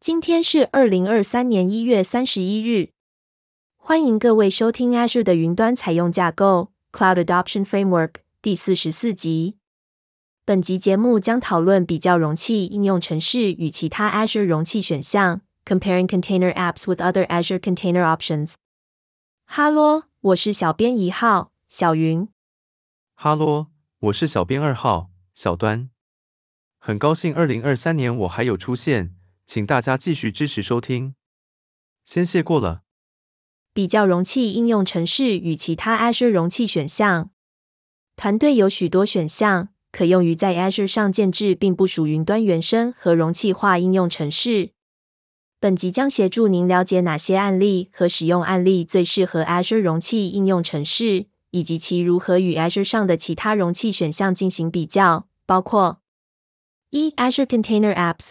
今天是二零二三年一月三十一日，歡迎各位收聽 Azure 的雲端採用架構 Cloud Adoption Framework 第四十四集。本集節目將討論比較容器應用程式與其他 Azure 容器選項，Comparing Container Apps with Other Azure Container Options。哈嘍，我是小編一號小雲。哈嘍，我是小編二號小端。很高興二零二三年我還有出現。請大家繼續支持收聽，先謝過了。比較容器應用程式與其他 Azure 容器選項，團隊有許多選項可用於在 Azure 上建置並部署雲端原生和容器化應用程式。本集將協助您了解哪些案例和使用案例最適合 Azure 容器應用程式，以及其如何與 Azure 上的其他容器選項進行比較，包括一 Azure Container Apps。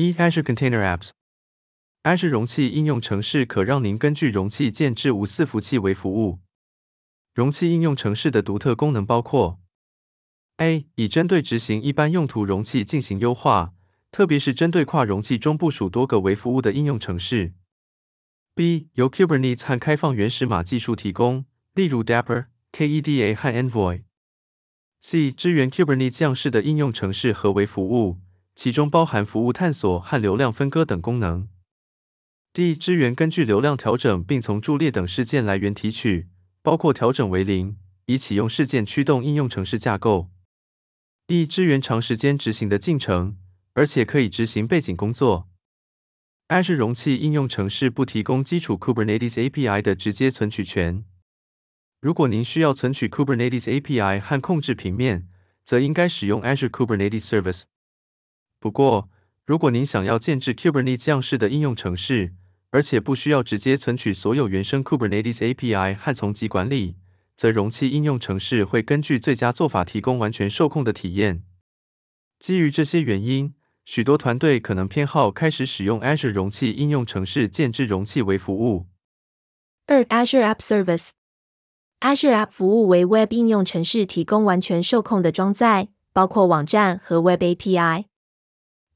E, Azure Container Apps。Azure 容器應用程式可讓您根據容器建置無伺服器為服務。容器應用程式的獨特功能包括：A. 以針對執行一般用途容器進行優化，特別是針對跨容器中部署多個微服務的應用程式；B. 由 Kubernetes 和開放原始碼技術提供，例如 Dapper、KEDA 和 Envoy；C. 支援 Kubernetes 樣式的應用程式和為服務。其中包含服務探索和流量分割等功能。D 支援根據流量調整，並從佇列等事件來源提取，包括調整為零，以啟用事件驅動應用程式架構。一、支援長時間執行的進程，而且可以執行背景工作。Azure 容器應用程式不提供基礎 Kubernetes API 的直接存取權。如果您需要存取 Kubernetes API 和控制平面，則應該使用 Azure Kubernetes Service。不過，如果您想要建置 Kubernetes 樣式的應用程式，而且不需要直接存取所有原生 Kubernetes API 和叢集管理，則容器應用程式會根據最佳做法提供完全受控的體驗。基於這些原因，許多團隊可能偏好開始使用 Azure 容器應用程式建置容器為服務。二、Azure App Service。Azure App 服務為 Web 應用程式提供完全受控的裝載，包括網站和 Web API。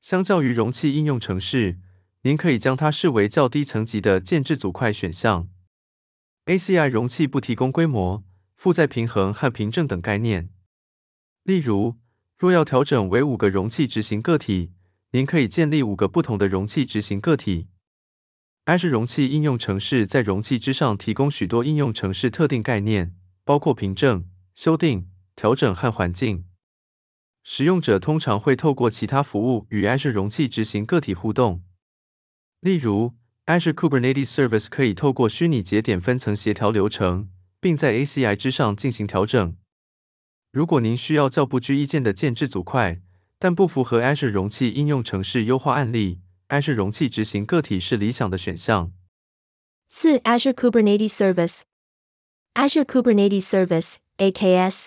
相較於容器應用程式，您可以將它視為較低層級的建制組塊選項。ACI 容器不提供規模、負載平衡和憑證等概念。例如，若要調整為五個容器執行個體，您可以建立五個不同的容器執行個體。Azure 容器應用程式在容器之上提供許多應用程式特定概念，包括憑證、修訂、調整和環境。使用者通常會透過其他服務與 Azure 容器執行個體互動，例如 Azure Kubernetes Service 可以透過虛擬節點分層協調流程，並在 ACI 之上進行調整。如果您需要較不具意見的建置組塊，但不符合 Azure 容器應用程式優化案例，Azure 容器執行個體是理想的選項。四 Azure Kubernetes Service Azure Kubernetes Service (AKS)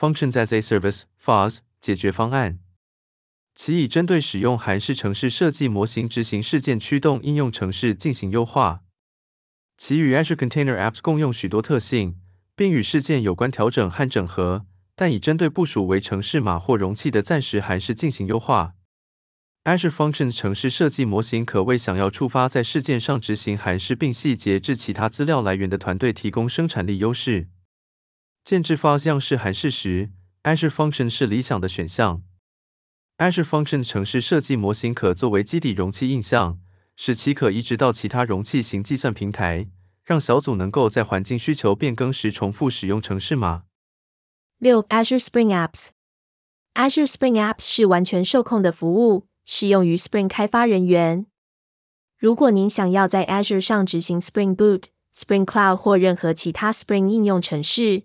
Functions as a Service FaaS 解決方案，其已針對使用函式程式設計模型執行事件驅動應用程式進行優化。其與 Azure Container Apps 共用許多特性，並與事件有關調整和整合，但已針對部署為程式碼或容器的暫時函式進行優化。Azure Functions 程式設計模型可為想要觸發在事件上執行函式並細節至其他資料來源的團隊提供生產力優勢。限制方向是函式時，Azure Function 是理想的選項。Azure Function 程式設計模型可作為基底容器映像，使其可移植到其他容器型計算平台，讓小組能夠在環境需求變更時重複使用程式碼。六，Azure Spring Apps。Azure Spring Apps 是完全受控的服務，適用於 Spring 開發人員。如果您想要在 Azure 上執行 Spring Boot、Spring Cloud 或任何其他 Spring 應用程式，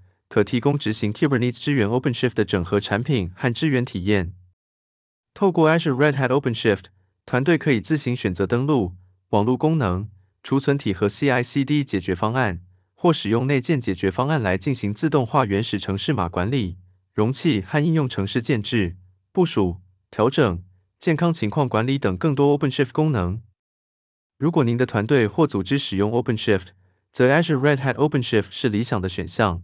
可提供執行 Kubernetes 支援 OpenShift 的整合產品和支援體驗。透過 Azure Red Hat OpenShift，團隊可以自行選擇登錄、網絡功能、儲存體和 CI/CD 解決方案，或使用內建解決方案來進行自動化原始程式碼管理、容器和應用程式建置、部署、調整、健康情況管理等更多 OpenShift 功能。如果您的團隊或組織使用 OpenShift，則 Azure Red Hat OpenShift 是理想的選項。